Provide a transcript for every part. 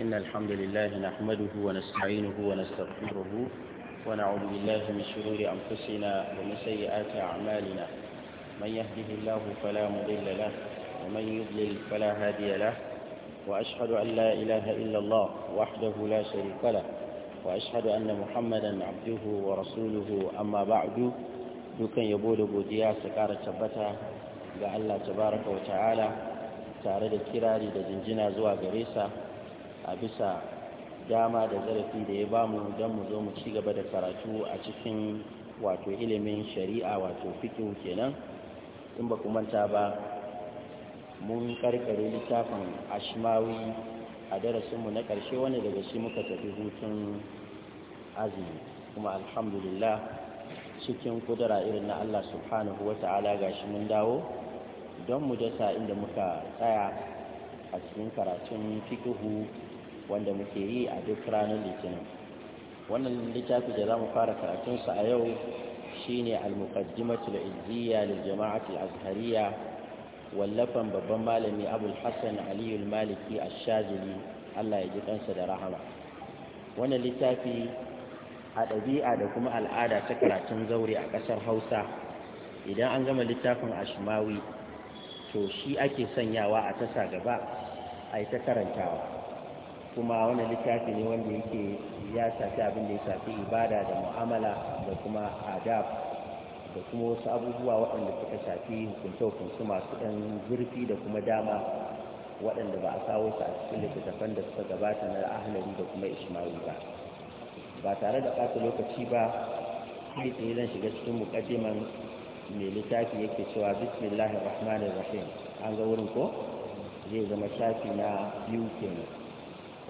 إن الحمد لله نحمده ونستعينه ونستغفره ونعوذ بالله من شرور أنفسنا ومن سيئات أعمالنا من يهده الله فلا مضل له ومن يضلل فلا هادي له وأشهد أن لا إله إلا الله وحده لا شريك له وأشهد أن محمدا عبده ورسوله أما بعد dukan yabo da godiya su ƙara tabbata ga Allah tabaraka wa ta'ala tare da kirari da jinjina zuwa gare sa a bisa dama da zarafi da ya bamu don mu zo mu ci gaba da karatu a cikin wato ilimin shari'a wato fikin kenan in ba manta ba mun karkare littafin ashimawi a darasinmu na ƙarshe wanda daga shi muka tafi hutun azumi kuma alhamdulillah cikin kudura irin na Allah subhanahu wa ta'ala ga shi mun dawo don mu dasa inda muka tsaya a cikin karatun fikihu wanda muke yi a duk ranar litinin wannan littafi da za mu fara karatunsa a yau shi ne al al izziya lil al azhariya wallafan babban malami abul ali aliyu maliki ash Shajiri. Allah ya ji kansa da rahama wannan littafi a ɗabi'a da kuma al'ada ta karatun zaure a ƙasar Hausa idan an gama littafin Ashmawi to shi ake sanyawa a tasa gaba a ta karantawa kuma wani littafi ne wanda yake ya shafi abin da ya shafi ibada da mu'amala da kuma adab da kuma wasu abubuwa waɗanda suka shafi hukunce-hukunce masu ɗan zurfi da kuma dama waɗanda ba a kawo su a cikin littattafan da suka gabata na ahalari da kuma ishmawi ba ba tare da ɓata lokaci ba kai tsaye zan shiga cikin mukaddiman mai littafi yake cewa bismillahir rahmanir rahim an ga wurin ko zai zama shafi na biyu kenan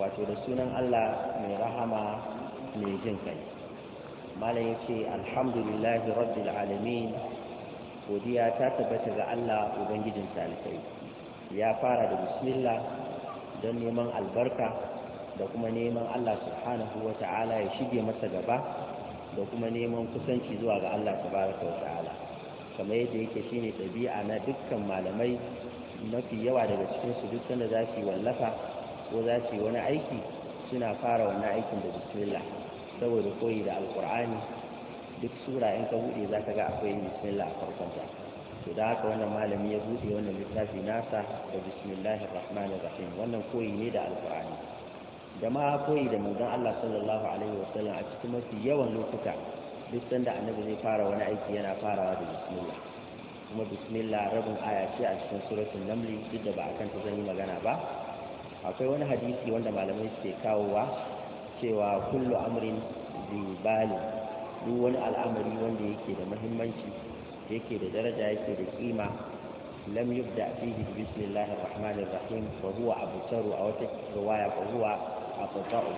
wato da sunan Allah mai rahama mai jin kai malam ya ce, alhamdulillahi rabbil alamin godiya ta tabbata ga Allah ubangijin salikai ya fara da bismillah don neman albarka da kuma neman Allah subhanahu wa ta'ala ya shige masa gaba da kuma neman kusanci zuwa ga Allah tabaraka wa ta'ala kamar yadda yake shine ɗabi'a na dukkan malamai mafi yawa daga cikin su duk sanda za su yi wallafa ko za su yi wani aiki suna fara wani aikin da bismillah saboda koyi da alkur'ani duk sura in ka buɗe za ka ga akwai bismillah a farkonta to da haka wannan malami ya buɗe wannan littafi nasa da bismillahir rahmanir rahim wannan koyi ne da alkur'ani da ma koyi da manzon Allah sallallahu alaihi wasallam a cikin mafi yawan lokuta duk sanda annabi zai fara wani aiki yana farawa da bismillah kuma bismillah rabin aya ce a cikin suratul namli duk da ba a ta zan yi magana ba akwai wani hadisi wanda malamai suke kawowa cewa kullu amrin zibali duk wani al'amari wanda yake da muhimmanci yake da daraja yake da kima lam yubda fihi bismillahir rahmanir rahim wa huwa taru aw ta riwaya wa huwa abtaru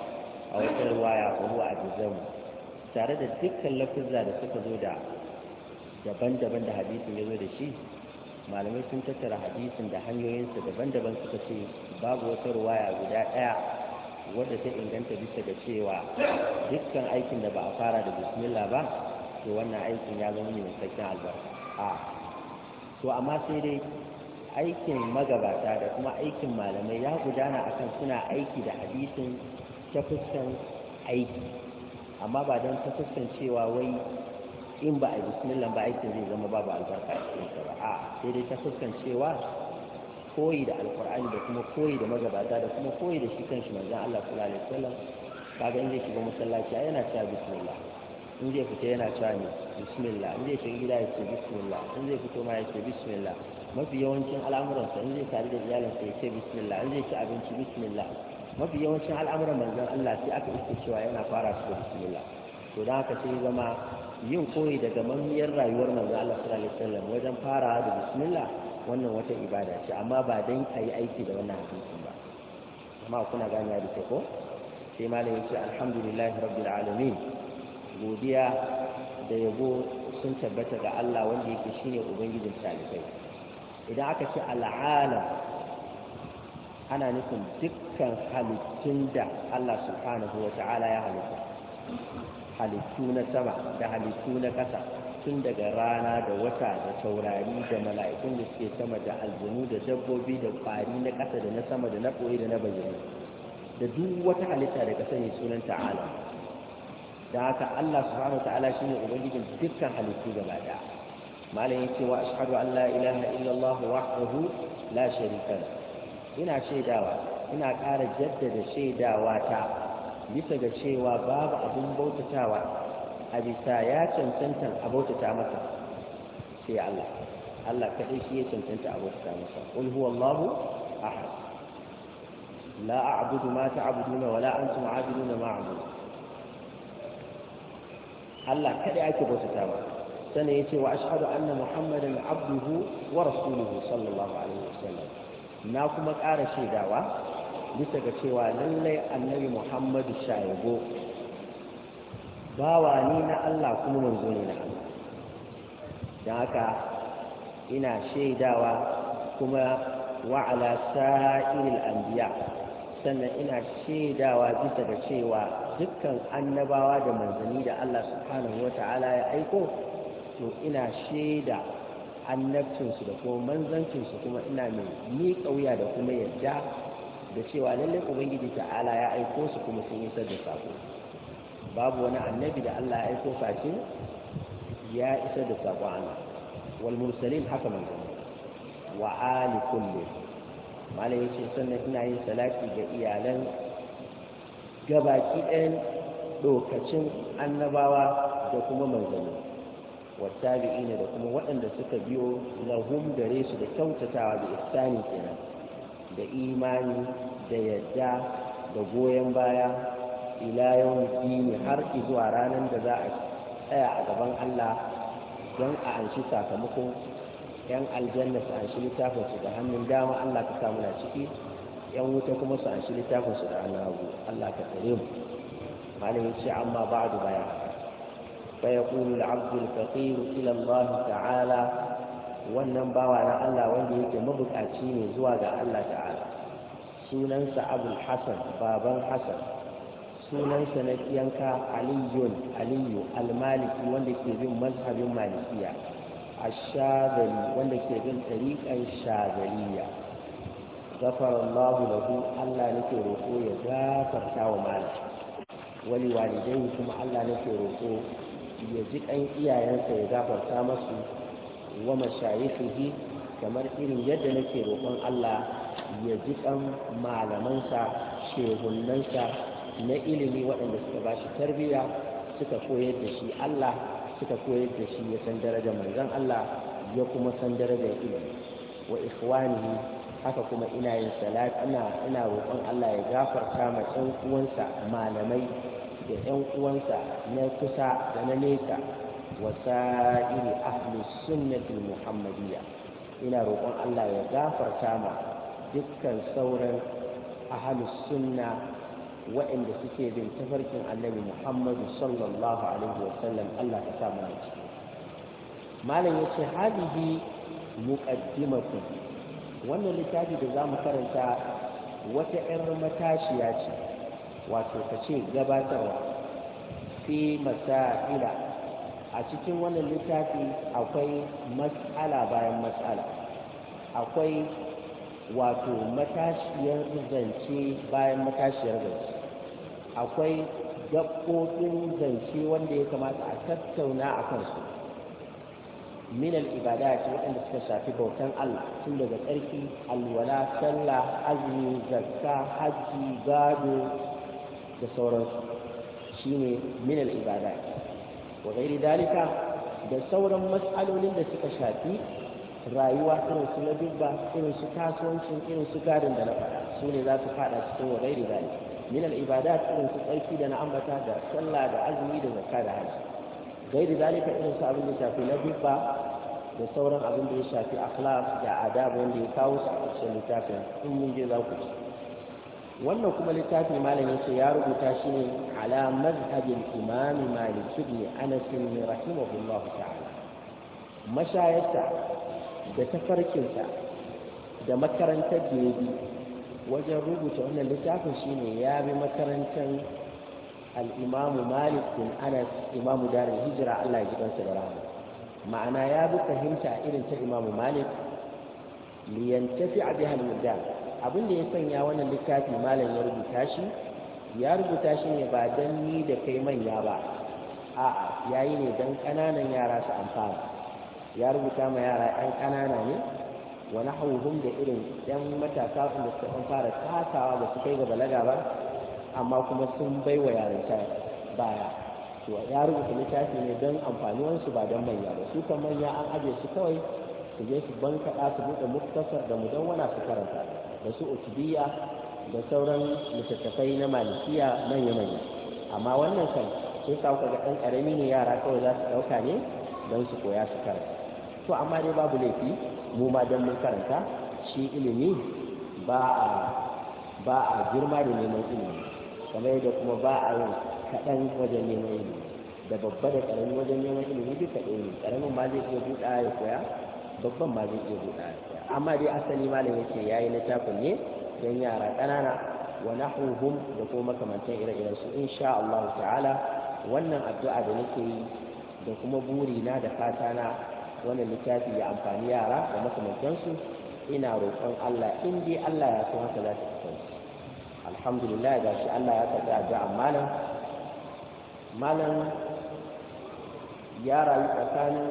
aw ta riwaya wa huwa abzamu tare da dukkan lafuzza da suka zo da daban-daban da hadisin ya zo da shi malamai sun tattara hadisin da hanyoyinsa daban-daban suka ce babu wata ruwaya guda ɗaya wadda ta inganta bisa da cewa dukkan aikin da ba a fara da bismillah ba to wannan aikin ya zama mai sakin albarka a to amma sai dai aikin magabata da kuma aikin malamai ya gudana akan suna aiki da hadisin ta fuskan aiki amma ba don ta fuskan cewa wai in ba a yi bismillah ba aikin zai zama babu albarka a cikin ba a sai dai ta kuskancewa koyi da alkur'ani da kuma koyi da magabata da kuma koyi da shi kanshi manzon Allah sallallahu alaihi wasallam kaga in zai shiga masallaci yana cewa bismillah in zai fita yana cewa ne bismillah in zai shiga gida ya ce bismillah in zai fito ma ya ce bismillah mafi yawancin al'amuransa in zai tare da iyalinsa ya ce bismillah in zai ci abinci bismillah mafi yawancin al'amuran manzon Allah sai aka iske cewa yana fara su da bismillah to don haka sai zama yin koyi daga mamiyar rayuwar manzo Allah sallallahu alaihi wasallam wajen fara da bismillah wannan wata ibada ce amma ba dan ayi aiki da wannan hadisin ba amma kuna gane da ke ko sai malam yace alhamdulillahi rabbil alamin godiya da yabo sun tabbata ga Allah wanda yake shine ubangijin talibai idan aka ce al'ada, ana nufin dukkan halittun da Allah subhanahu wa ta'ala ya halitta halittu na sama da halittu na ƙasa tun daga rana da wata da taurari da mala'ikun da suke sama da aljanu da dabbobi da ƙwari na ƙasa da na sama da na koyi da na bayyana da duk wata halitta da ka sani sunan ta'ala da haka Allah subhanahu wa ta'ala shine ubangijin dukkan halittu gaba da malam yace wa ashhadu an la ilaha illallah wahdahu la sharika ina shaidawa ina ƙara jaddada shaidawa ta bisa ga cewa babu abin bautatawa a bisa ya cancanta a bautata mata. sai Allah Allah kaɗai shi ya cancanta a bautata masa qul huwallahu ahad la a'budu ma ta'buduna wala antum 'abiduna ma a'budu Allah kaɗai ake bautata ba sannan yace wa ashhadu anna muhammadan abduhu wa rasuluhu sallallahu alaihi wasallam na kuma ƙara shaidawa bisa ga cewa lallai annabi muhammadu shayago bawa ni na Allah kuma manzo ne na Allah don haka ina shaidawa kuma wa'ala sa'ilil anbiya sannan ina shaidawa bisa ga cewa dukkan annabawa da manzanni da Allah subhanahu ta'ala ya aiko to ina shaida annabcinsu da kuma manzancinsu kuma ina mai miƙa wuya da kuma yadda da cewa lallai ubangiji ta'ala ya aiko su kuma sun isar da sako babu wani annabi da Allah ya aiko face ya isar da sako ana wal mursalin haka manzo wa ali kulli malai ce sannan ina yin salati ga iyalan gabaki ɗayan lokacin annabawa da kuma manzanni ne da kuma waɗanda suka biyo lahum gare su da kyautatawa da ihsani kenan da imani da yadda da goyon baya ila yau dini har zuwa ranar da za a tsaya a gaban Allah don a anshi sakamako yan aljanna su anshi littafin su da hannun dama Allah ka samu na ciki yan wuta kuma su anshi littafin su da hannun Allah ka tsare mu malam yace amma ba'du bayan fa yaqulu al-'abdu al-faqir ila Allah ta'ala wannan bawa na Allah wanda yake mabukaci ne zuwa ga Allah ta'ala sunansa abul baban hasan sunansa na kiyanka aliyun aliyu almaliki wanda ke bin mazhabin malikiya ashadali wanda ke bin tariqan shadaliya ghafara Allah lahu Allah nake roƙo ya gafarta wa malik wali walidai kuma Allah nake roko ya ji kan iyayensa ya gafarta masu wa mashayikhihi kamar irin yadda nake roƙon Allah ya ji ɗan malamansa shehunnansa, na ilimi waɗanda suka ba shi tarbiyya suka koyar da shi Allah suka koyar da shi ya san darajar manzon Allah ya kuma san darajar ilimi wa ikhwanihi haka kuma ina yin salat ina ina roƙon Allah ya gafarta ma ɗan uwansa malamai da ɗan uwansa na kusa da na nesa وسائر أهل السنة المحمدية إن روح الله يغافر تاما دكا ثورا أهل السنة وإن سكي بن تفرك النبي محمد صلى الله عليه وسلم الله تسامى ما لن يتي هذه مقدمة وأن لتاجي بزام كرنتا وتعر متاشيات وتكشي gabatarwa fi masaila a cikin wannan littafi akwai matsala bayan matsala akwai wato matashiyar zance bayan matashiyar zance akwai gaɓoɓin zance wanda ya kamata a tattauna a kansu minal ibada ce waɗanda suka shafi bautan Allah tun daga tsarki alwala sallah azumi zakka hajji gado da sauransu shine minal ibada wa gairi dalika da sauran matsalolin da suka shafi rayuwa irin su na dubba irin su kasuwancin irin su garin da na faɗa su ne za su faɗa cikin wa gairi dalika min al ibadat irin su tsarki da na ambata da sallah da azumi da zakka da hajji gairi dalika irin su abin da shafi na dubba da sauran abin da ya shafi akhlaq da adab wanda ya kawo su a cikin littafin in mun je za ku ci wannan kuma littafi malam yace ya rubuta shi ne ala mazhabin imam malik ibn anas bin rahimahullahu ta'ala da tafarkinta da makarantar da yabi wajen rubuta wannan littafin ne ya bi makarantar al-imam malik bin anas imamu darul hijira, Allah ya ji kansa da rahama ma'ana ya bi fahimta irin ta imamu malik liyantafi biha al-mujahid abin da ya sanya wannan littafi malam ya rubuta shi ya rubuta shi ne ba don ni da kai manya ba a'a ya yi ne don ƙananan yara su amfana ya rubuta ma yara 'yan ƙanana ne Wani hauhun da irin 'yan matasa da suka ɗan fara tasawa ba su kai ga balaga ba amma kuma sun bai wa yarinta baya to ya rubuta littafi ne don amfaniwansu ba don manya ba su kan manya an aje su kawai su je su bankaɗa su buɗe muktasar da mu mudawwana su karanta da su utubiya da sauran littattafai na malikiya manya-manya amma wannan kan sai sa ga ɗan ƙarami ne yara kawai za su ɗauka ne don su koya su karanta to amma dai babu laifi mu ma don mun karanta shi ilimi ba a ba a girma da neman ilimi kamar yadda kuma ba a yin kaɗan wajen neman ilimi da babba da ƙarami wajen neman ilimi duka ɗaya ne ƙaramin ma zai iya buɗa ya koya babban ma zai iya buɗa ya amma dai asali malam yake yayi littafin ne don yara ƙanana wa nahuhum da kuma makamantan ire-iren su insha Allah ta'ala wannan addu'a da nake yi da kuma buri na da fata na wannan littafi ya amfani yara da makamantan su ina roƙon Allah in dai Allah ya so haka za ta kasance alhamdulillah ga shi Allah ya karɓi addu'a malam malam ya rayu tsakanin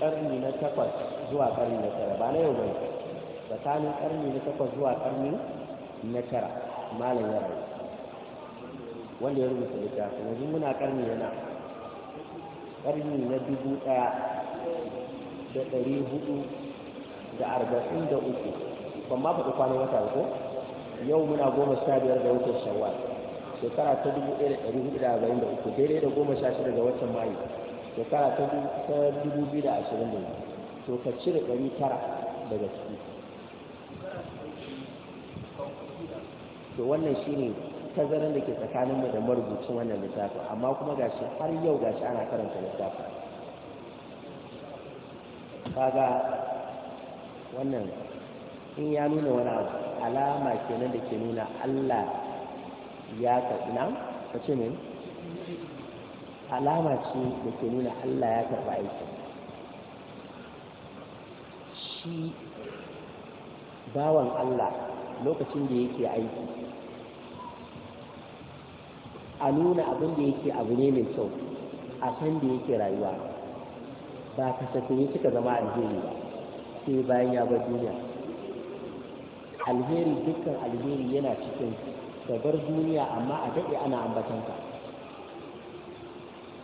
ƙarni na takwas zuwa ƙarni na tara ba na yau ba ta tsakanin ƙarni na takwas zuwa ƙarni na tara malam ya rayu wanda ya rubuta littafin yanzu muna ƙarni yana ƙarni na dubu ɗaya da ɗari hudu da arba'in da uku ban ma faɗi kwanan wata ko yau muna goma sha biyar da wutar shawar, shekara ta dubu ɗaya da ɗari hudu da arba'in da uku daidai da goma sha shida ga watan mayu shekara ta dubu biyu da ashirin da to ka cire ɗari tara daga ciki to wannan shi ne tazarar da ke tsakaninmu da marubucin wannan littafin amma kuma gashi har yau gashi ana karanta littafin kaga wannan in ya nuna wani alama kenan da ke nuna Allah ya karɓi ka ce mai alama ce da ke nuna Allah ya karɓa aiki. shi bawan Allah lokacin da yake aiki a nuna abin da yake abu ne mai kyau a san da yake rayuwa ba kasafin suka zama alheri ba sai bayan ya bar duniya alheri dukkan alheri yana cikin gabar duniya amma a daɗe ana ambatanta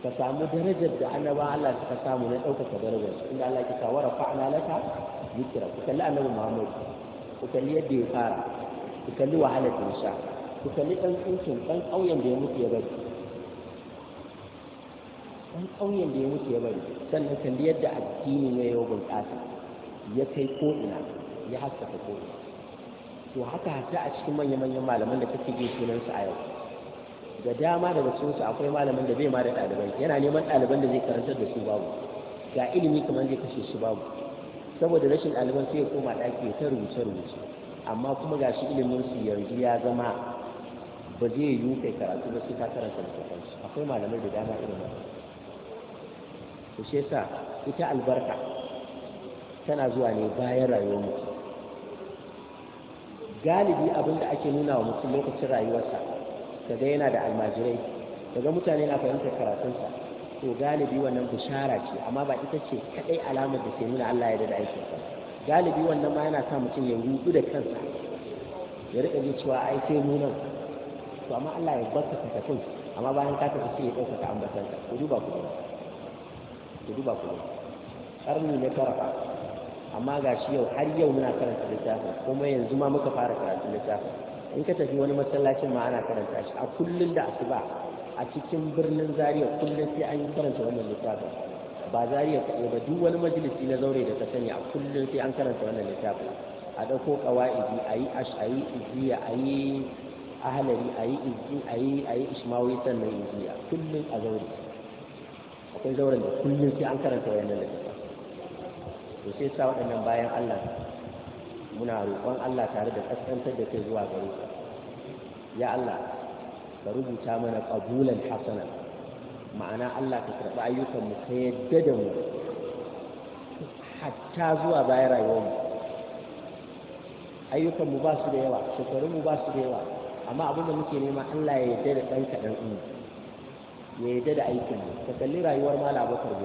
ka samu darajar da annaba Allah suka samu na ɗaukaka darajar su inda Allah ke kawo rafa'na laka zikra ku kalli annabi Muhammad ku kalli yadda ya fara ku kalli wahalar da sha ku kalli ɗan tsinkin ɗan ƙauyen da ya mutu ya bari ɗan ƙauyen da ya mutu ya bari sannan kalli yadda addini na ya bunƙasa ya kai ko'ina ya haskaka ko'ina to haka hata a cikin manya-manyan malaman da kake ji sunansu a yau da dama daga su akwai malamin da bai ma da ɗalibai yana neman ɗaliban da zai karantar da su babu ga ilimi kamar zai kashe su babu saboda rashin ɗaliban sai ya koma ɗaki ta rubuce rubuce amma kuma ga shi ilimin su yanzu ya zama ba zai yiwu kai karatu ba sai ka karanta littafin su akwai malamai da dama irin wannan to shi yasa ita albarka tana zuwa ne bayan rayuwar mutum galibi abin da ake nuna wa mutum lokacin rayuwarsa kaga yana da almajirai kaga mutane na fahimtar karatunsa to galibi wannan bishara ce amma ba ita ce kadai alamar da ke nuna Allah ya da aikin sa galibi wannan ma yana sa mutum ya rudu da kansa ya rika ji cewa ai sai mu nan to amma Allah ya barka ka tafi amma bayan ka tafi sai ya dauka ka ambatan ka ku duba ku ku duba ku karni ne karfa amma gashi yau har yau muna karanta littafin kuma yanzu ma muka fara karatu littafin in ka tafi wani masallacin ma ana karanta shi a kullum da asuba a cikin birnin Zariya kullum sai an yi karanta wannan littafin ba Zariya kaɗai ba duk wani majalisi na zaure da ka sani a kullum sai an karanta wannan littafin a ɗauko ƙawa'idi a yi ash a yi iziya a yi ahalari a yi izzi a yi a yi ishmawi sannan iziya kullum a zaure akwai zauren da kullum sai an karanta wannan littafin to sai sa waɗannan bayan Allah muna roƙon Allah tare da ƙasƙantar da kai zuwa gare ka ya Allah ka rubuta mana qabulan hasana ma'ana Allah ka karɓi ayyukanmu ka yadda da mu hatta zuwa bayan rayuwarmu, ayyukanmu ba su da yawa shekarun ba su da yawa amma abin da muke nema Allah ya yadda da ɗan kaɗan ɗin ya yadda da aikin mu ka kalli rayuwar mala abokar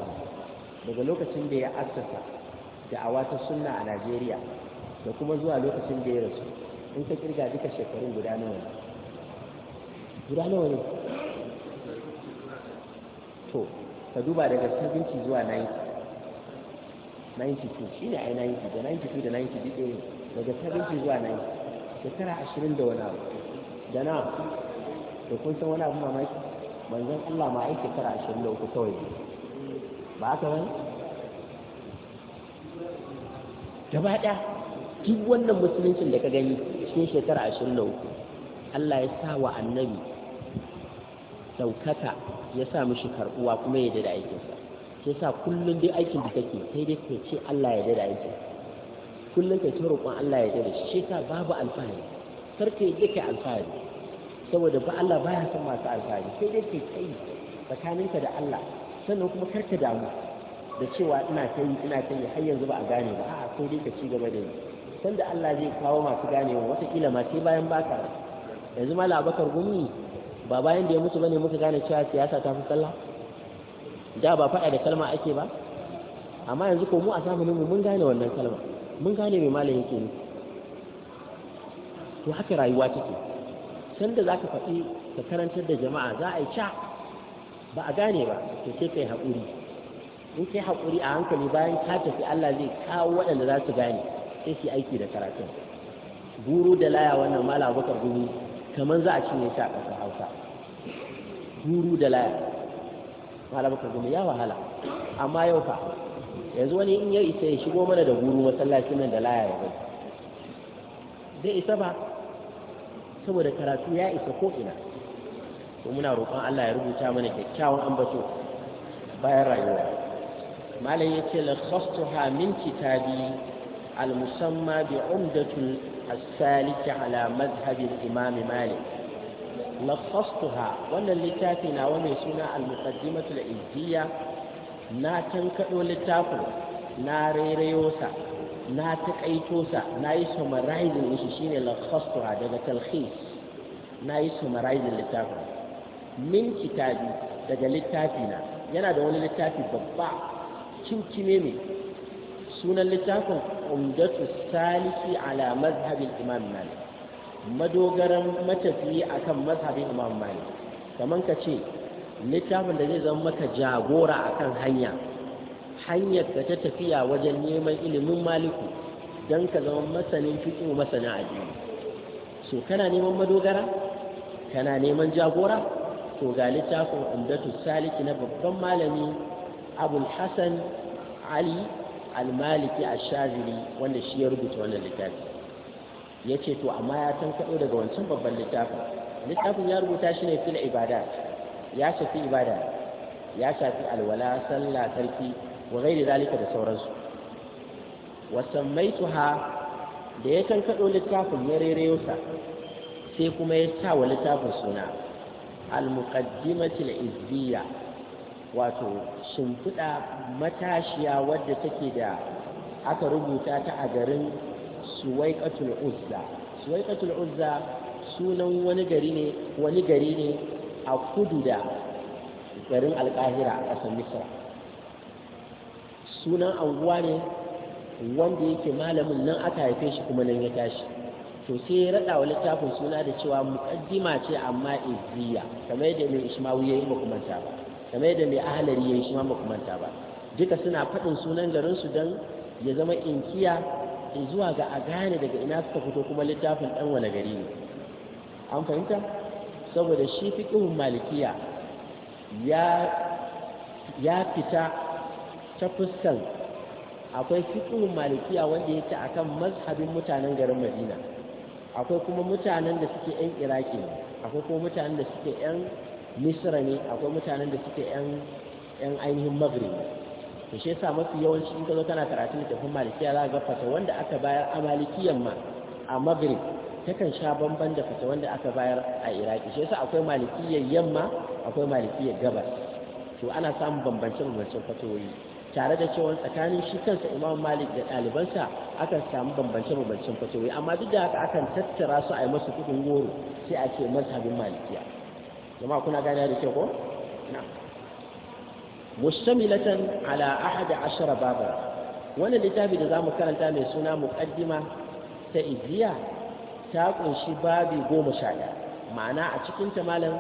daga lokacin da ya assasa da'awa ta sunna a Najeriya da kuma zuwa lokacin da ya rasu in ka kirga duka shekarun guda nawa ne guda nawa ne to ka duba daga 70 zuwa 90 92 shi ne ai 90 da 92 da 90 ɗaya ne daga 70 zuwa 90 shekara 20 da wani abu da na to kun san wani abu mamaki manzon Allah ma ai shekara uku kawai ba haka wani gaba ɗaya duk wannan musuluncin da ka gani cikin shekara ashirin da uku Allah ya sa wa annabi saukaka ya sa mishi karɓuwa kuma ya dada aikinsa sai sa kullum duk aikin da take sai dai ka ce Allah ya dada aikin kullum ka ce roƙon Allah ya dada shi sai sa babu alfahari sarki ya ke alfahari saboda ba Allah baya son masu alfahari sai dai kai kai tsakaninka da Allah sannan kuma karka damu da cewa ina ta yi ina ta yi har yanzu ba a gane ba a'a sai dai ka ci gaba da yi sanda Allah zai kawo masu ganewa watakila ma sai bayan baka yanzu mala abakar gumi ba bayan da ya mutu bane muka gane cewa siyasa ta fi sallah da ba faɗa da kalma ake ba amma yanzu ko mu a zamanin mu mun gane wannan kalma mun gane mai malam yake ne to haka rayuwa take sanda zaka faɗi ka karantar da jama'a za a yi ca ba a gane ba to sai kai haƙuri in kai haƙuri a hankali bayan ka tafi Allah zai kawo waɗanda za su gane sai su aiki da karatun guru da laya wannan mala Bakar guru kamar za a cinye shi a ƙasar hausa guru da laya mala Bakar guru ya wahala amma yau fa yanzu wani in ya isa ya shigo mana da guru masallacin nan da laya ya zai zai isa ba saboda karatu ya isa ko ina to muna roƙon Allah ya rubuta mana kyakkyawan ambato bayan rayuwa malam yace la khastuha min kitabi المسمى بعمدة السالك على مذهب الإمام مالك لخصتها وأن اللتاتنا وميسونا المقدمة العزية نا تنكأ لتاكو نا ريريوسا نا تقيتوسا نا يسوم رايز الوشيشين لخصتها دقى تلخيص نا يسوم رايز لتاكو من كتابي دقى لتاتنا yana da wani littafi babba kimkime ne sunan littafin umdatu saliki ala mazhabin imam malik madogaran matafiyi akan mazhabin imam malik Kamar ka ce littafin da zai zama maka jagora akan hanya hanyar da ta tafiya wajen neman ilimin maliku don ka zama masanin fiƙi masanin addini so kana neman madogara kana neman jagora to ga littafin umdatu saliki na babban malami abul hasan ali al a shaziri wanda shi ya rubuta wannan littafi ce to amma ya san kaɗo daga wancan babban littafin littafin ya rubuta shi ne fil ibada ya shafi ibada ya shafi alwala sallah sarki wa gairi zalika da sauransu Wasan mai tuha da ya kaɗo littafin ya rereyo sai kuma ya sa wa littafin suna al izziya wato shimfiɗa matashiya wadda take da aka rubuta ta a garin suwaikatul uzza suwaikatul uzza sunan wani gari ne wani gari ne a kudu da garin alkahira a ƙasar misra sunan anguwa ne wanda yake malamin nan aka haife shi kuma nan ya tashi to sai ya raɗa wa littafin suna da cewa muƙaddima ce amma izziya kamar yadda mai ishmawu ya yi ba ba kamar yadda mai ahalari ya yi shi ma ba manta ba duka suna faɗin sunan garinsu don ya zama inkiya zuwa ga a gane daga ina suka fito kuma littafin ɗan wani gari ne an fahimta saboda shi fiƙihun malikiya ya fita ta fuskan akwai fiƙihun malikiya wanda ya ci kan mazhabin mutanen garin madina akwai kuma mutanen da suke 'yan iraki ne akwai kuma mutanen da suke 'yan misra ne akwai mutanen da suke yan yan ainihin maghrib to shi yasa mafi yawanci in ka zo kana karatu da tafin malikiya za a ga fata wanda aka bayar a malikiyan ma a maghrib kan sha bamban da fata wanda aka bayar a iraki shi yasa akwai malikiyan yamma akwai malikiyan gabas to ana samun bambance bambancen fatoyi tare da cewa tsakanin shi kansa imam malik da ɗalibansa akan samu bambance bambancen fatoyi amma duk da haka akan tattara su a yi masa kudin goro sai a ce mazhabin malikiya jama'a kuna gane da kyau ko mustamilatan ala ahad ashara baba wannan littafi da zamu karanta mai suna muqaddima ta iziya ta kunshi babi goma ma'ana a cikin ta malam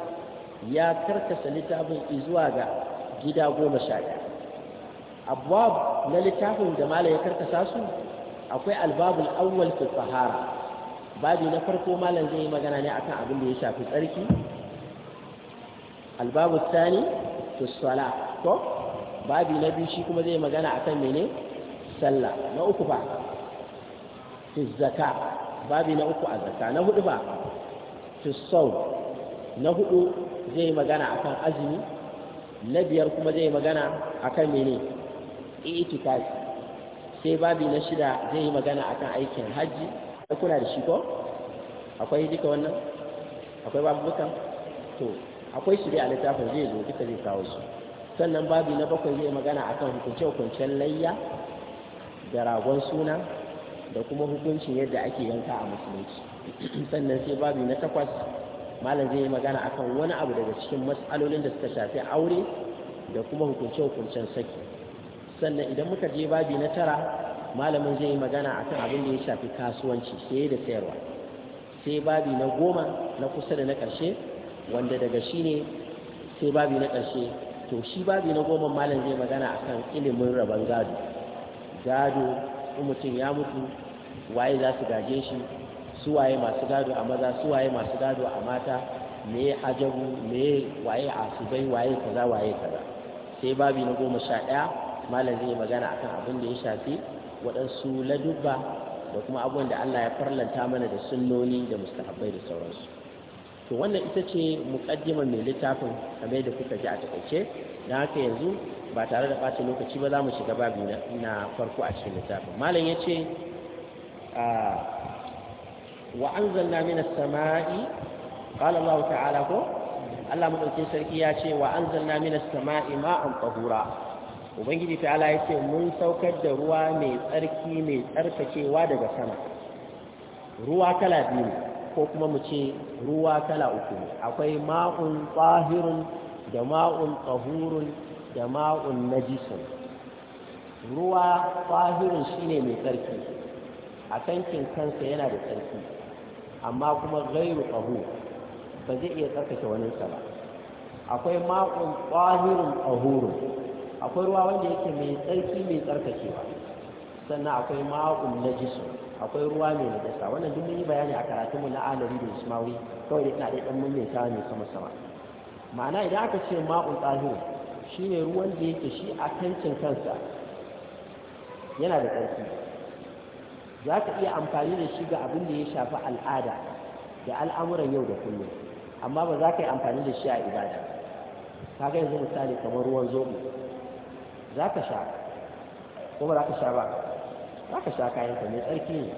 ya karkasa littafin zuwa ga gida goma sha abwab na littafin da malam ya karkasa su akwai albabul awwal fi sahara babi na farko malam zai yi magana ne akan abin da ya shafi tsarki albabu tsani to sala ko babi na biyu shi kuma zai magana akan mene sallah na uku ba fi zaka babi na uku a zaka na hudu ba fi sau na hudu zai magana akan azumi na biyar kuma zai magana akan mene itikaf sai babi na shida zai yi magana akan aikin hajji kuna da shi ko akwai duka wannan akwai babu bukan to akwai shi a littafin zai zo duka zai kawo su sannan babi na bakwai zai magana akan hukunce hukuncen layya da ragon suna da kuma hukuncin yadda ake yanka a musulunci sannan sai babi na takwas malam zai yi magana akan wani abu daga cikin matsalolin da suka shafi aure da kuma hukunce hukuncen saki sannan idan muka je babi na tara malamin zai yi magana akan abin da ya shafi kasuwanci sai da sayarwa sai babi na goma na kusa da na ƙarshe wanda daga shi ne sai babi na ƙarshe to shi babi na goma malam zai magana akan ilimin rabon gado gado in mutum ya mutu waye za su gaje shi su waye masu gado a maza su waye masu gado a mata me ajabu me waye asibai waye kaza waye kaza sai babi na goma sha ɗaya malam zai magana akan abin da ya shafi waɗansu ladubba da kuma abubuwan da Allah ya farlanta mana da sunnoni da mustahabbai da sauransu to wannan ita ce muƙaddimar mai littafin kamar da kuka ji a takaice don haka yanzu ba tare da ɓata lokaci ba za mu shiga babu na farko a cikin littafin malam ya ce wa an zanna mina sama'i قال ta'ala ko Allah madaukakin sarki ya ce wa an zanna mina sama'i ma an ƙahura ubangiji ta'ala ya ce mun saukar da ruwa mai tsarki mai tsarkakewa daga sama ruwa kala biyu ko kuma mu ce ruwa kala uku ne akwai ma'un tsahirun da ma'un tsahurun da ma'un najisun ruwa tsahirun shine mai tsarki a tankin kansa yana da tsarki amma kuma gairu tsahu ba zai iya tsarkake waninsa ba akwai ma'un tsahirun tsahurun akwai ruwa wanda yake mai tsarki mai tsarkakewa sannan akwai ma'un jisu, akwai ruwa mai najasa wannan duk mun yi bayani a karatunmu na alari da ismawi kawai da ɗaɗe ɗan dan mun mai mai sama sama ma'ana idan aka ce ma'un tsahiru shine ruwan da yake shi a kancin kansa yana da ƙarfi za ka iya amfani da shi ga abin da ya shafi al'ada da al'amuran yau da kullum amma ba za ka yi amfani da shi a ibada ka ga yanzu misali kamar ruwan zobo za ka sha ko ba za ka sha ba za ka sha kayanka mai tsarki ne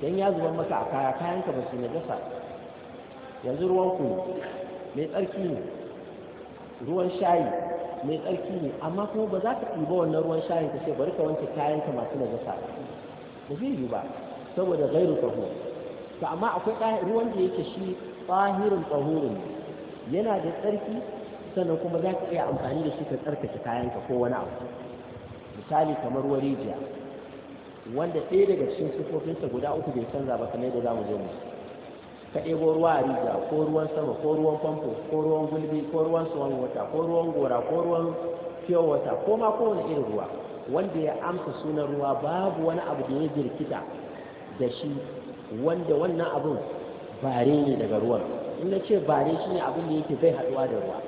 don ya zuwa maka a kaya kayanka ba su gasa. yanzu ruwan ku mai tsarki ne ruwan shayi mai tsarki ne amma kuma ba za ka ɗiba wannan ruwan shayin ka ce bari ka wanke kayanka masu gasa. ba zai yi ba saboda gairu taho to amma akwai ruwan da yake shi tsahirin tsahurin yana da tsarki sannan kuma za ka iya amfani da shi ka tsarkake kayanka ko wani abu misali kamar warijiya wanda ɗaya daga cikin sifofinsa guda uku bai canza ba kamar yadda za mu je mu ka ɗebo ruwa a riga ko ruwan sama ko ruwan famfo ko ruwan gulbi ko ruwan suwan wata ko ruwan gora ko ruwan fiyo wata ko ma kowane irin ruwa wanda ya amsa sunan ruwa babu wani abu da ya jirkita da shi wanda wannan abun bare ne daga ruwan in na ce bare shi ne abin da yake bai haɗuwa da ruwa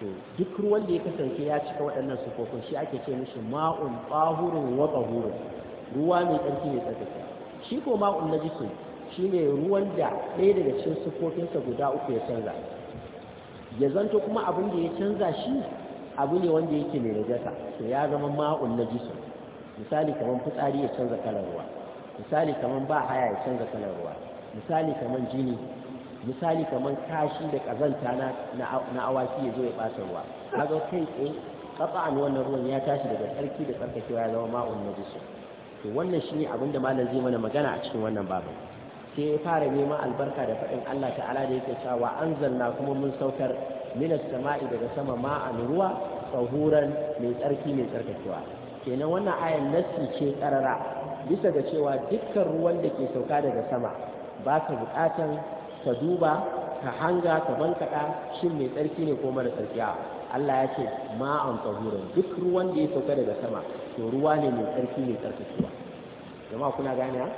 to duk ruwan da ya kasance ya cika waɗannan sufofin shi ake ce mishi ma'un tsahurun wa ruwa mai tsarki mai tsarkaka shi ko na najisun shi ne ruwan da ɗaya daga cikin siffofinsa guda uku ya canza ya zanto kuma abin da ya canza shi abu ne wanda yake mai najasa to ya zama ma'un najisun misali kamar fitsari ya canza kalar ruwa misali kamar ba haya ya canza kalar ruwa misali kamar jini misali kamar kashi da kazanta na awaki ya zo ya ɓata ruwa kaga kai tsaye kafa wannan ruwan ya tashi daga tsarki da tsarkakewa ya zama ma'un najisun to wannan shi ne abinda malam zai mana magana a cikin wannan babu sai ya fara neman albarka da faɗin Allah ta'ala da yake cewa anzalna kuma mun saukar minas sama'i daga sama ma'an ruwa tsahuran mai tsarki mai tsarkakewa kenan wannan ayan nassi ce karara bisa ga cewa dukkan ruwan da ke sauka daga sama ba ka buƙatan ka duba ka hanga ka bankaɗa shin mai tsarki ne ko mara tsarki Allah ya ce ma'an tsahuran duk ruwan da ya sauka daga sama to ruwa ne mai tsarki mai tsarkakewa Jam'a kuna gane ha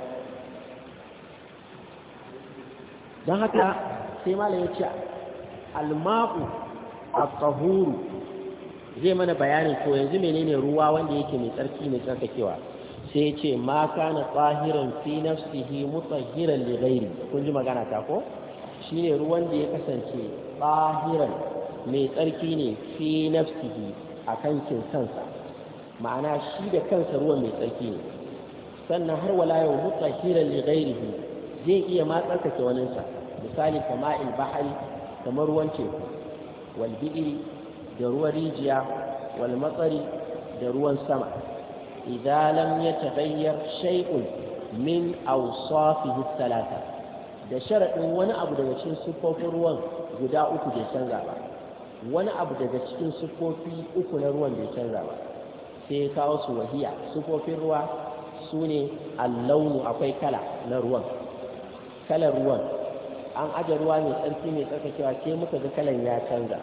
don haka sai malam ya ce alma'u a tsahuru zai mana bayanin to yanzu menene ruwa wanda yake mai tsarki mai tsarkakewa sai ce ma kana tsahiran fi nafsihi mutahhiran li ghairi kun ji magana ta ko shine ruwan da ya kasance tsahiran mai tsarki ne fi nafsihi a kankin kansa ma'ana shi da kansa ruwan mai tsarki ne sannan har wala yau hirar li ghairihi zai iya ma tsarkake waninsa misali kama'il bahari kamar ruwan teku wal da ruwan rijiya walmatsari, da ruwan sama idza lam yataghayyar shay'un min awsafihi thalatha da sharadin wani abu daga cikin siffofin ruwan guda uku bai canza ba wani abu daga cikin sifofi uku na ruwan bai canza ba sai ya kawo su wahiya sufofin ruwa su ne allaunu akwai kala na ruwan kalar ruwan an aje ruwa mai tsarki mai tsarkakewa sai muka ga kalan ya canza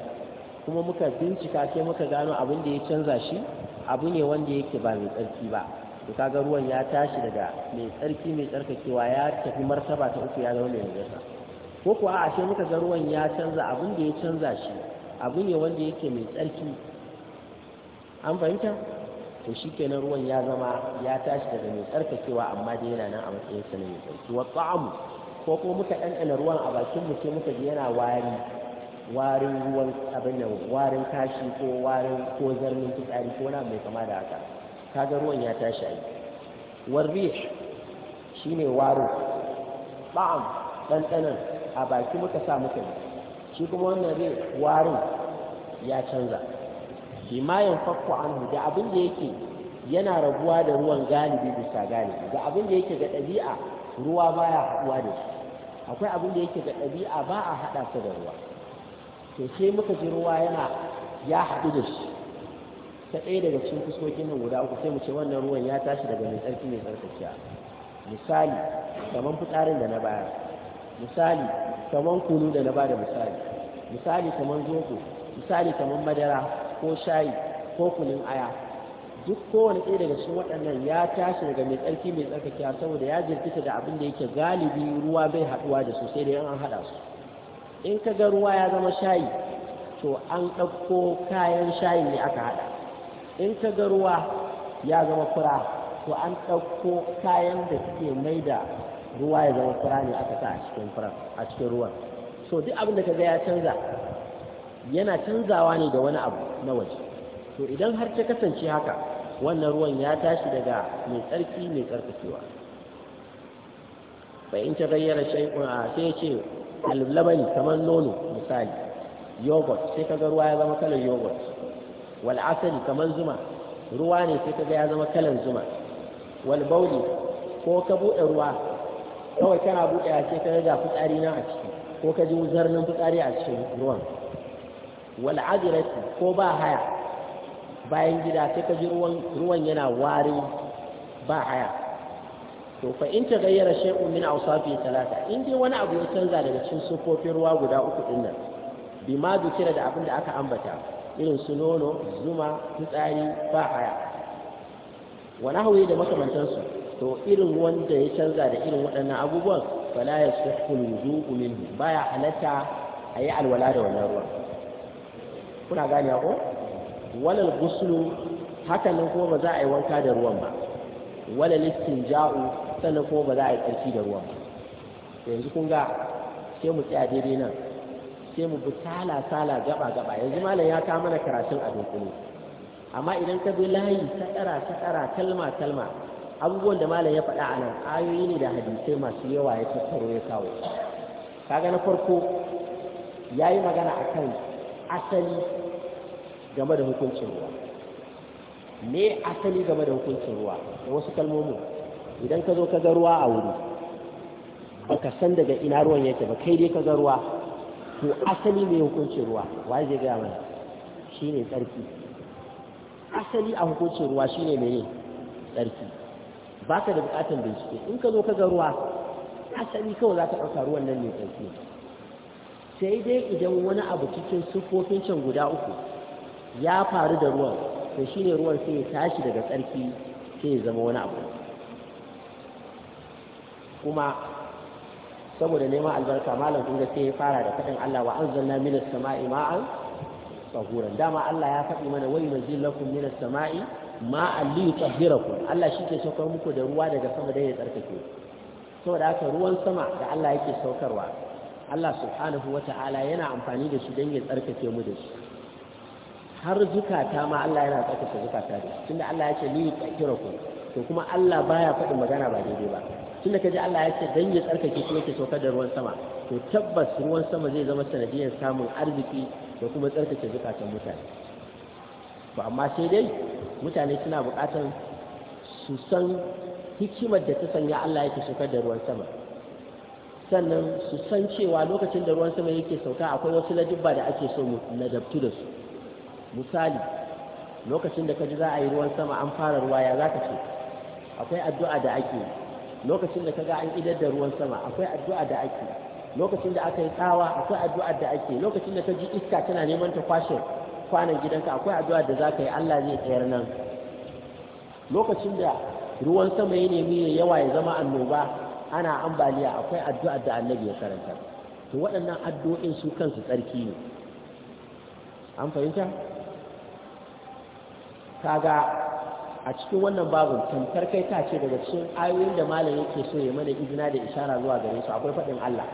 kuma muka bincika sai muka gano abin da ya canza shi abu ne wanda yake ba mai tsarki ba to kaga ruwan ya tashi daga mai tsarki mai tsarkakewa ya tafi martaba ta uku ya zama mai najasa ko kuwa a sai muka ga ruwan ya canza abin da ya canza shi abu ne wanda yake mai tsarki an fahimta to shi kenan ruwan ya zama ya tashi daga mai tsarkakewa amma dai yana nan a matsayin sa na mai tsarki wa ta'amu ko kuma muka ɗanɗana ruwan a bakin mu sai muka ji yana wari warin ruwan abin nan warin kashi ko warin ko zarmin fitsari ko na mai kama da haka kaga ruwan ya tashi ai warbi shine waro ba'am ɗanɗanan a baki muka sa muka shi kuma wannan zai warin ya canza bima yanfaku anhu da abin da yake yana rabuwa da ruwan galibi bisa galibi da abin da yake ga ɗabi'a ruwa baya haɗuwa da shi akwai abin da yake ga ɗabi'a ba a haɗa su da ruwa to sai muka ji ruwa yana ya haɗu da shi ta ɗaya daga cikin fuskokin nan guda uku sai mu ce wannan ruwan ya tashi daga mai tsarki mai tsarkakiya misali kamar fitsarin da na bayar misali kamar kunu da na bada misali misali kamar zoko misali kamar madara ko shayi ko kunun aya duk kowane ɗaya daga cikin waɗannan ya tashi daga mai tsarki mai tsarkakiya saboda ya jirkita da abin da yake galibi ruwa bai haɗuwa da su sai dai an haɗa su in ka ga ruwa ya zama shayi to an ɗauko kayan shayin ne aka haɗa in ka ga ruwa ya zama fura to an ɗauko kayan da suke mai da ruwa ya zama fura ne aka sa a cikin ruwan so duk abin da ka ga ya canza yana canzawa ne da wani abu na waje to idan har ta kasance haka wannan ruwan ya tashi daga mai tsarki mai tsarkakewa bai in ta gayyara shaikun a sai ya ce labani kamar nono misali yogurt sai kaga ruwa ya zama kalar yogurt wal asali kamar zuma ruwa ne sai kaga ya zama kalar zuma wal bauli ko ka buɗe ruwa kawai kana buɗe a sai ka ga fitsari na a ciki ko ka ji zarnin fitsari a cikin ruwan wala ko ba haya bayan gida sai ka ji ruwan yana wari ba haya to fa in ta gayyara shay'un min awsafi talata in dai wani abu ya canza daga cikin sufofin ruwa guda uku din nan ma dukira da abin da aka ambata irin su nono zuma tsari, ba haya wani hauyi da makamantansu to irin wanda ya canza da irin waɗannan abubuwan fala ya wudu'u minhu baya halatta a yi alwala da wannan ruwan kuna gane ko walal guslu haka nan ko ba za a yi wanka da ruwan ba walal istinja'u sannan ko ba za a yi tsarki da ruwan ba yanzu kun ga sai mu tsaya daidai nan sai mu bi sala sala gaba gaba yanzu malam ya ka mana karatun a dunkule amma idan ka bi layi ta tsara ta tsara kalma kalma abubuwan da malam ya faɗa a nan ayoyi ne da hadisai masu yawa ya tattaro ya kawo kaga na farko ya yi magana akan asali game da hukuncin ruwa me asali game da hukuncin ruwa da wasu kalmomin idan ka zo ka ga ruwa a wuri baka san daga ina ruwan yake ba kai dai ka ga ruwa to asali mai hukuncin ruwa wa zai gaya mana shine tsarki asali a hukuncin ruwa shine mene tsarki Ba ka da bukatar bincike in ka zo ka ga ruwa asali kawai za ka ɗauka ruwan nan mai tsarki sai dai idan wani abu cikin siffofin can guda uku ya faru da ruwan to ne ruwan sai ya tashi daga tsarki sai ya zama wani abu kuma saboda neman albarka malam kunga ga sai ya fara da faɗin Allah wa anzalna minas sama'i ma'an dama Allah ya faɗi mana wai yunzil lakum minas sama'i ma'an li yutahhirakum Allah shi ke saukar muku da ruwa daga sama da ya tsarkake saboda haka ruwan sama da Allah yake saukarwa Allah subhanahu wata'ala yana amfani da shi don ya tsarkake mu da shi har zukata ma Allah yana tsakasa zukata da tunda Allah ya ce ni kira ku to kuma Allah baya faɗin magana ba daidai ba tunda kaji Allah ya ce dan ya tsarkake shi yake saukar da ruwan sama to tabbas ruwan sama zai zama sanadiyar samun arziki da kuma tsarkake zukatan mutane to amma sai dai mutane suna buƙatar su san hikimar da ta sanya Allah yake saukar da ruwan sama sannan su san cewa lokacin da ruwan sama yake sauka akwai wasu ladubba da ake so mu nadabtu da su misali lokacin da ka ji za a yi ruwan sama an fara ruwa ya za ka ce akwai addu'a da ake lokacin da ka ga an idar da ruwan sama akwai addu'a da ake lokacin da aka yi tsawa akwai addu'a da ake lokacin da ka ji iska tana neman ta kwashe kwanan gidanka akwai addu'a da za ka yi Allah zai tsayar nan lokacin da ruwan sama ya nemi ya yawa ya zama annoba ana ambaliya akwai addu'a da annabi ya karanta to waɗannan addu'o'in su kansu tsarki ne an fahimta kaga a cikin wannan babu tamkar kai ta ce daga cikin ayoyin da malam yake so ya mana izina da ishara zuwa gare su akwai faɗin Allah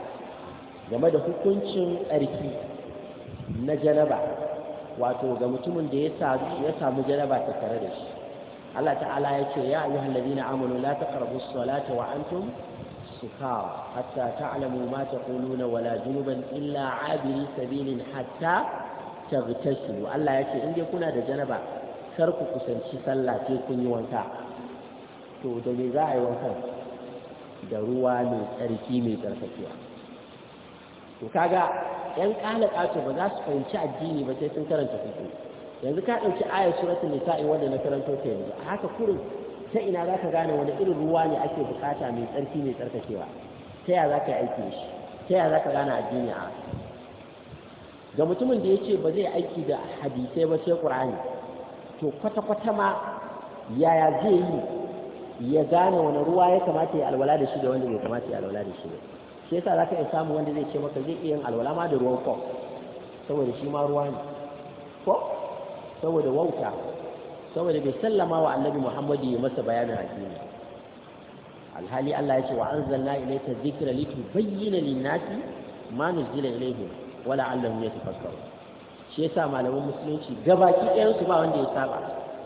game da hukuncin ƙarfi na janaba wato ga mutumin da ya samu janaba ta tare da shi Allah ta'ala ya ce ya ayyuhan ladina amanu la taqrabu as-salata wa antum sukara hatta ta'lamu ma taquluna wala junuban illa abiri sabilin hatta taghtasilu Allah ya ce in dai kuna da janaba kar ku kusanci sallah sai kun yi wanka to da me za a yi wankan da ruwa mai tsarki mai tsarkakewa to kaga yan kala kato ba za su fahimci addini ba sai sun karanta fiqh yanzu ka ɗauki ayar suratul nisa'i wanda na karanto ta yanzu A haka kurin ta ina za ka gane wani irin ruwa ne ake bukata mai tsarki mai tsarkakewa ta ya za ka yi aiki shi ta ya za ka gane addini a ga mutumin da ya ce ba zai aiki da hadisai ba sai qur'ani to kwata-kwata ma yaya zai yi ya gane wani ruwa ya kamata ya alwala da shi da wanda bai kamata ya alwala da shi ba shi za zaka iya samu wanda zai ce maka zai iya yin alwala ma da ruwan kwaf saboda shi ma ruwa ne ko saboda wauta saboda bai sallama wa annabi Muhammadu ya masa bayanin addini alhali Allah ya ce wa anzalna ilayka dhikra litubayyana bayyana nasi ma nuzila ilayhim wa la'allahum yatafakkarun shi yasa malaman musulunci gabaki ɗayan su ba wanda ya saba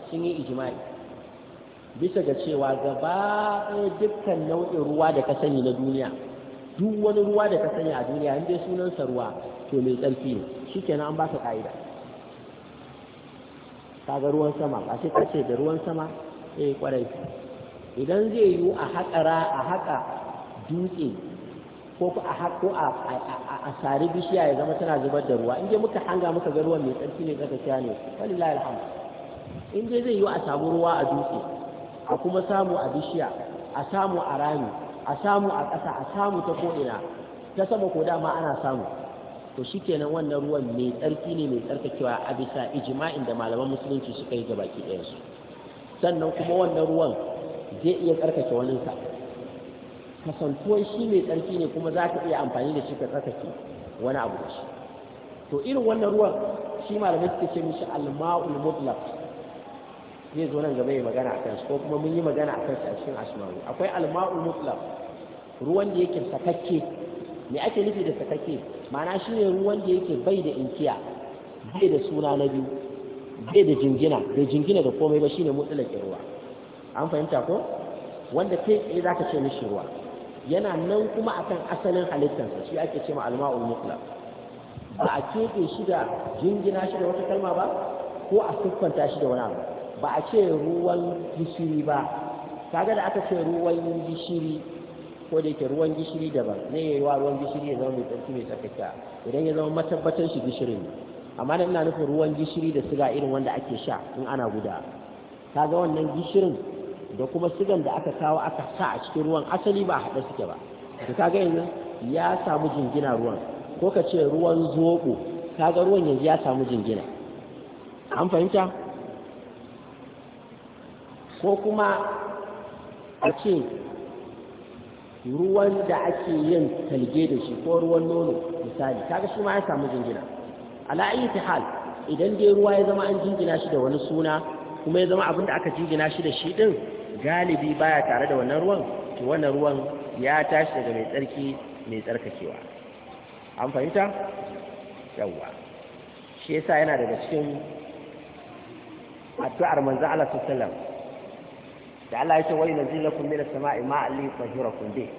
sun yi ijimai. bisa ga cewa gaba ɗaya dukkan nau'in ruwa da ka sani na duniya duk wani ruwa da ka sani a duniya in dai sunansa ruwa to mai tsarki ne shikenan an ba ka ka'ida ga ruwan sama ba sai ka ce da ruwan sama eh kwarai idan zai yiwu a haƙara a haƙa dutse ko a haƙo a sari bishiya ya zama tana zubar da ruwa in dai muka hanga muka ga ruwan mai tsarki ne tsakashiya ne walillahi alhamdu in dai zai yi a samu ruwa a dutse a kuma samu a bishiya a samu a rami a samu a ƙasa a samu ta ko ina ta sama ko dama ana samu to shikenan wannan ruwan mai tsarki ne mai tsarkakewa a bisa ijma'in da malaman musulunci suka yi gabaki ɗayansu sannan kuma wannan ruwan zai iya tsarkake waninsa kasantuwar shi mai tsarki ne kuma za ka iya amfani da shi ka tsarkake wani abu da shi to irin wannan ruwan shi malamai suke ce mishi alma'ul mutlaq zai zo nan gaba ya magana akan shi ko kuma mun yi magana akan shi a cikin asma'u akwai alma'ul mutlaq ruwan da yake sakakke me ake nufi da sakakke ma'ana ne ruwan da yake bai da inkiya bai da suna na biyu bai da jingina bai jingina da komai ba shine mutlaq ruwa an fahimta ko wanda kai tsaye ka ce mishi ruwa yana nan kuma akan asalin halittarsa shi ake ce ma alma'ul mutlaq ba a keɓe shi da jingina shi da wata kalma ba ko a siffanta shi da wani abu ba a ce ruwan gishiri ba kaga da aka ce ruwan gishiri ko da yake ruwan gishiri daban ne yayi wa ruwan gishiri ya zama mai tsarki mai tsakaka idan ya zama matabbatar shi gishirin amma da ina nufin ruwan gishiri da siga irin wanda ake sha in ana guda kaga wannan gishirin da kuma sigan da aka kawo aka sa a cikin ruwan asali ba haɗe suke ba da kaga yanzu ya samu jingina ruwan ko ka ce ruwan zoɓo kaga ruwan yanzu ya samu jingina an fahimta ko kuma a ce ruwan da ake yin talge da shi ko ruwan nono misali kaga shi ma ya samu jingina ala'ayi ta hal idan dai ruwa ya zama an jingina shi da wani suna kuma ya zama abin da aka jingina shi da shi din galibi baya tare da wannan ruwan to wannan ruwan ya tashi daga mai tsarki mai tsarkakewa an fahimta yawwa shi yasa yana daga cikin addu'ar manzo Allah sallallahu da Allah ya ce wai nazil lakum min as-sama'i ma'an li tahirakum bih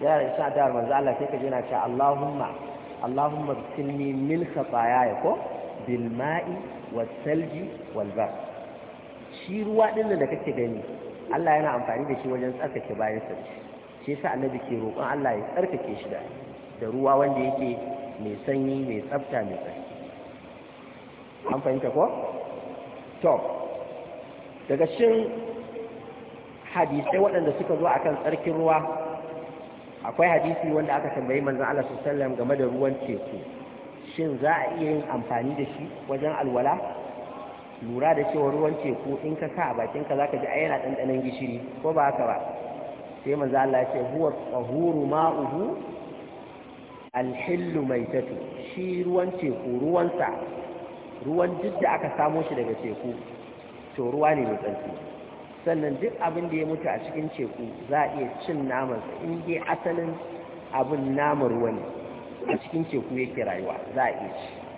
yana da isa da manzo Allah sai ka ji ce Allahumma Allahumma bisilni min khataaya ko bil ma'i was salji wal barq shi ruwa ɗin da kake gani Allah yana amfani da shi wajen tsarkake bayan sa shi yasa annabi ke roƙon Allah ya tsarkake shi da ruwa wanda yake mai sanyi mai tsafta mai tsarki an fahimta ko to daga cikin hadisai waɗanda suka zo akan tsarkin ruwa akwai hadisi wanda aka tambayi manzon Allah sallallahu alaihi wasallam game da ruwan teku shin za a iya yin amfani da shi wajen alwala lura da cewa ruwan teku in ka sa a bakinka za ka ji ai yana ɗanɗanon gishiri ko ba haka ba sai manzo Allah ya ce huwa tahuru ma'uhu alhillu maitatu shi ruwan teku ruwansa ruwan duk da aka samo shi daga teku to ruwa ne mai tsarki sannan duk abin da ya mutu a cikin teku za a iya cin sa in dai asalin abin naman ruwa a cikin teku yake rayuwa za a iya ci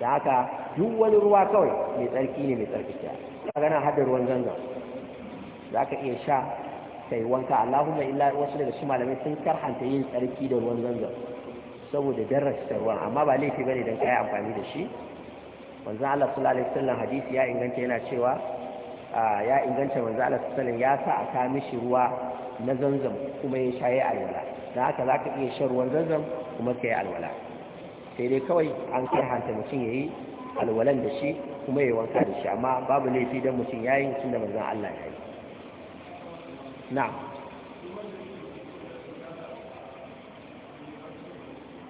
da haka duk wani ruwa kawai mai tsarki ne mai tsarkiya kaga gana hada ruwan zanzan za ka iya sha kai wanka Allahumma illa wasu daga shi malamai sun karhanta yin tsarki da ruwan zanzan saboda ta ruwan amma ba laifi bane dan kai amfani da shi wanzan Allah sallallahu alaihi wasallam hadisi ya inganta yana cewa ya inganta wanzan Allah sallallahu alaihi ya sa a ka mishi ruwa na zanzam kuma ya shaye alwala da haka zaka iya shan ruwan zanzam kuma yi alwala sai dai kawai an kai hanta mutum ya yi alwalan da shi kuma ya wanka da shi amma babu laifi don mutum ya yi tun da manzan Allah ya yi na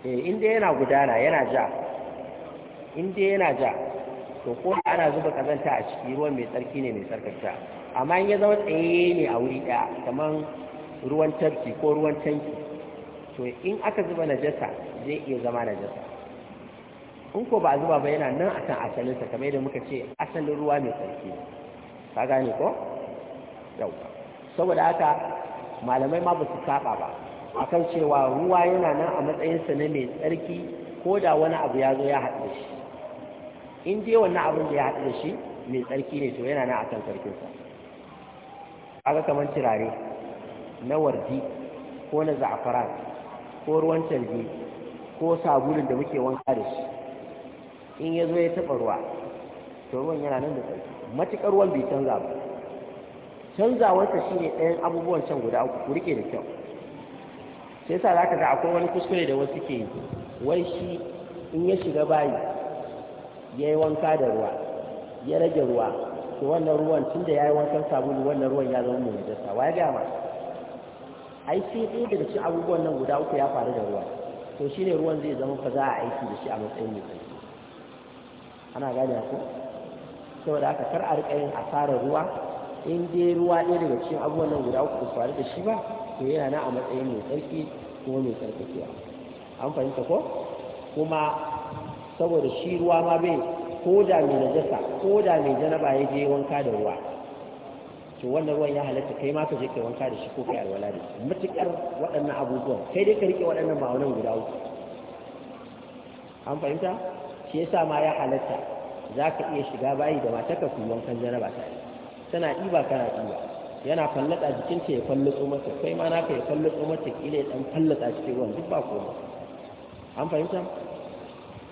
eh, inda yana gudana yana ja inda yana ja to ko ana zuba kazanta a ciki ruwan mai tsarki ne mai tsarkaka amma in ya zama tsaye ne a wuri ɗaya kamar ruwan tabki ko ruwan tanki to in aka zuba najasa zai iya zama najasa in ko ba a zuba ba yana nan akan asalinsa kamar yadda muka ce asalin ruwa mai tsarki ka gane ko yau saboda haka malamai ma ba su saba ba akan cewa ruwa yana nan a matsayinsa na mai tsarki ko da wani abu ya zo ya haɗu da shi in dai wannan abin da ya haɗu da shi mai tsarki ne to yana nan a kan tsarkinsa aga kamar turare na wardi ko na za'afaran ko ruwan canji ko sabulun da muke wanka da shi in ya zo ya taɓa ruwa to ruwan yana nan da tsarki matuƙar ruwan bai canza ba canzawarsa shi ne ɗayan abubuwan can guda uku ku riƙe da kyau sai sa za ka ga akwai wani kuskure da wasu ke yi wai shi in ya shiga bayi ya yi wanka da ruwa ya rage ruwa to wannan ruwan tun da ya yi wankan sabulu wannan ruwan ya zama mai dasa wa ya gaya ma ai sai ɗaya daga cikin abubuwan nan guda uku ya faru da ruwa to shine ruwan zai zama fa za a aiki da shi a matsayin mai tsarki ana gane ko saboda haka kar a rika yin asarar ruwa in dai ruwa ɗaya daga cikin abubuwan nan guda uku faru da shi ba to yana na a matsayin mai tsarki kuma mai tsarkakewa an fahimta ko kuma saboda shi ruwa ma bai ko da mai najasa ko da mai janaba ya je wanka da ruwa to wannan ruwan ya halatta kai ma ka je kai wanka da shi ko kai alwala da shi mutukar waɗannan abubuwan kai dai ka rike waɗannan ma'aunan guda uku an fahimta shi yasa ma ya halatta za ka iya shiga bayi da matarka ku wankan janaba ta tana ɗiba kana ɗiba yana fallata jikinta ya fallatso mata kai ma ka ya fallatso mata kila ya ɗan fallata cikin ruwan duk ba koma an fahimta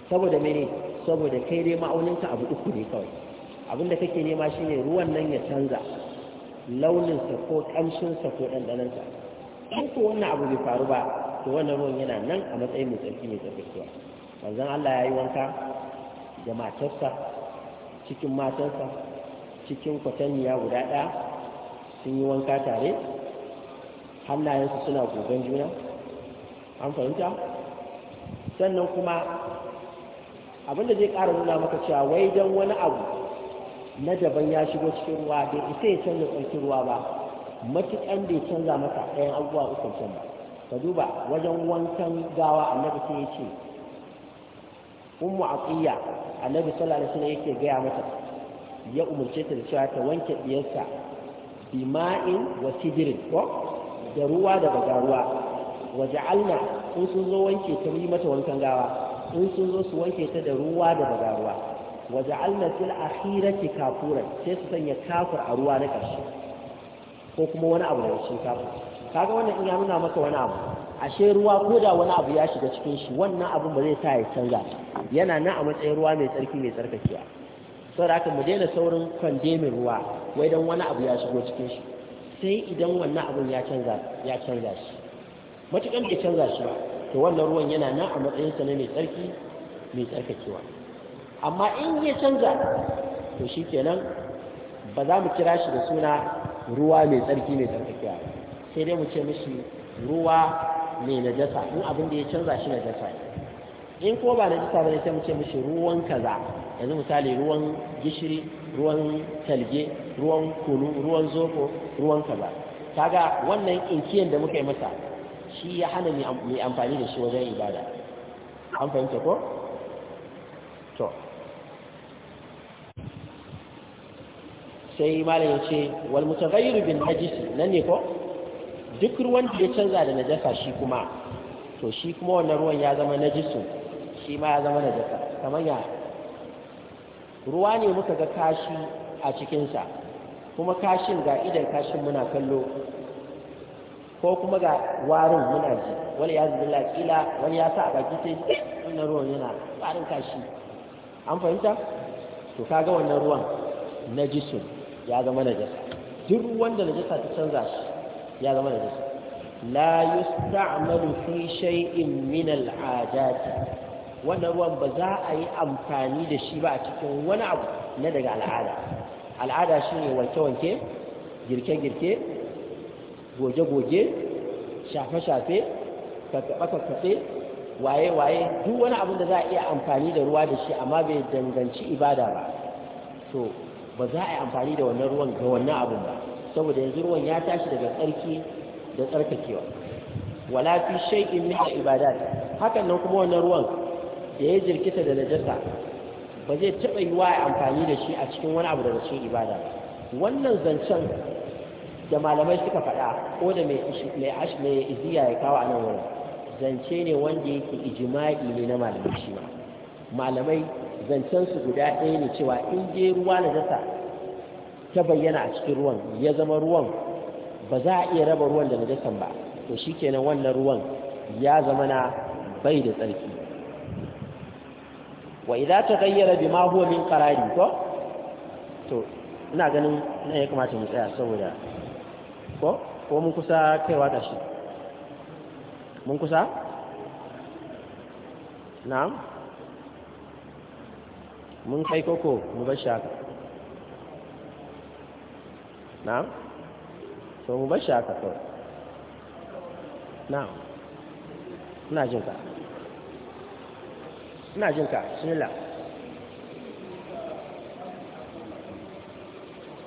saboda mene saboda kai dai ma'auninka abu uku ne kawai abinda kake nema shine ruwan nan ya canza launinsa ko ƙamshinsa ko ɗanɗanansa in ko wannan abu bai faru ba to wannan ruwan yana nan a matsayin mai tsarki mai tsarkakewa manzon Allah ya yi wanka da matarsa cikin matarsa cikin kwatanniya guda ɗaya sun yi wanka tare hannayensu suna gogon juna an fahimta sannan kuma abinda zai ƙara nuna maka cewa wai don wani abu na daban ya shigo cikin ruwa bai isa ya canza tsarkin ruwa ba matuƙan bai canza maka ɗayan abubuwa uku can ba ka duba wajen wankan gawa annabi sai ya ce ummu aqiya annabi sallallahu alaihi wasallam yake gaya mata ya umurce ta da cewa ta wanke diyarsa bima'in wa sidrin ko da ruwa da daga ruwa waja'alna in sun zo wanke ta yi mata wankan gawa in sun zo su wanke ta da ruwa da daga ruwa waja'alna fil akhirati kafuran sai su sanya kafur a ruwa na ƙarshe ko kuma wani abu da shi kafur kaga wannan in ya nuna maka wani abu ashe ruwa ko da wani abu ya shiga cikin shi wannan abin ba zai sa ya canza yana nan a matsayin ruwa mai tsarki mai tsarkakiya saboda haka mu daina saurin kwandemin ruwa wai dan wani abu ya shigo cikin shi sai idan wannan abin ya canza ya canza shi matukan da canza shi ba, to wannan ruwan yana nan a matsayin sa ne mai tsarki mai tsarkakewa amma in ya canza to shikenan ba za mu kira shi da suna ruwa mai tsarki mai tsarkakewa sai dai mu ce mishi ruwa mai najasa in abin da ya canza shi najasa in ko ba najasa ne sai mu ce mishi ruwan kaza yanzu misali ruwan gishiri ruwan talge ruwan kunu ruwan zoko ruwan kaza kaga wannan inkiyan da muka yi masa shi ya hana mai amfani da shi wajen ibada an fahimta ko to sai malam ya ce wal mutaghayyiru bin najisi nan ne ko duk ruwan da ya canza da najasa shi kuma to shi kuma wannan ruwan ya zama najisu shi ma ya zama najasa kamar ya ruwa ne muka ga kashi a cikinsa kuma kashin ga idan kashin muna kallo ko kuma ga warin muna ji wani ya zubi laƙila wani ya sa a baki sai eh, wannan ruwan yana farin kashi an fahimta to kaga wannan ruwan najisu ya zama najasa duk ruwan da najasa ta canza shi ya zama da nasu la sa'amalu fi shay'in min al'adati wannan ruwan ba za a yi amfani da shi ba a cikin wani abu na daga al'ada al'ada shine wanke-wanke girke-girke goge-goge shafe-shafe kakkaɓe-kakkaɓe waye-waye duk wani abin da za a iya amfani da ruwa da shi amma bai danganci ibada ba to ba za a yi amfani da wannan ruwan ga wannan abin ba saboda yanzu ruwan ya tashi daga tsarki da tsarkakewa wala fi shay'in min ibadat hakan nan kuma wannan ruwan da ya jirkita da najasa ba zai taɓa yi wa amfani da shi a cikin wani abu daga cikin ibada wannan zancen da malamai suka faɗa ko da mai iziya ya kawo a nan wurin zance ne wanda yake ijima'i ne na malamai shi ma malamai su guda ɗaya ne cewa in je ruwa na dasa ta bayyana a cikin ruwan ya zama ruwan ba za a iya raba ruwan da najasan ba to shikenan wannan ruwan ya zama na bai da tsarki wa idza taghayyara bima huwa min qarari ko to ina ganin nan ya kamata mu tsaya saboda ko ko mun kusa kaiwa shi, mun kusa na'am mun kai koko mu bar shi haka na'am so mu bar shi haka kawai na'am ina jin ka ina jin ka bismillah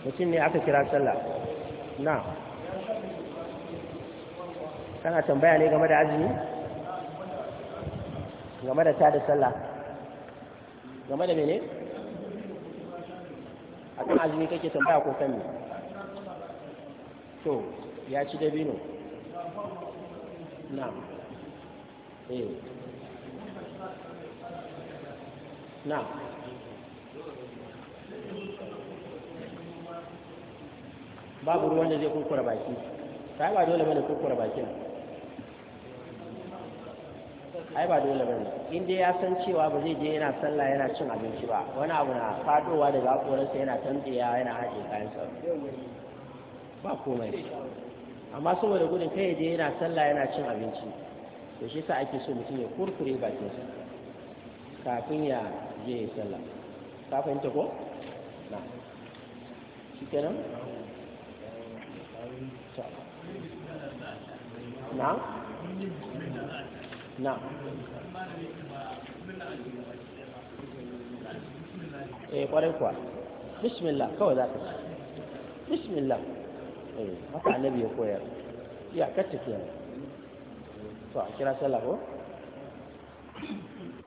mutum ne aka kira sallah na'am kana tambaya ne game da azumi game da tada sallah game da mene a kan azumi kake tambaya ko kan to ya ci dabino na eh na babu ruwan da zai kurkura baki ta ba dole mana kurkura bakin ai ba dole ba inda ya san cewa ba zai je yana sallah yana cin abinci ba wani abu na fadowa daga hakoransa yana tambiya yana haɗe kayan sauri. ba komai amma saboda gudun kai je yana sallah yana cin abinci to shi sa ake so mutum ya kurkure bakinsa kafin ya je ya sallah ka fahimta ko na shi kenan na na eh kwarai kuwa bismillah kawai za ka bismillah eh haka annabi ya koyar iyakar ta kenan to a kira sallah ko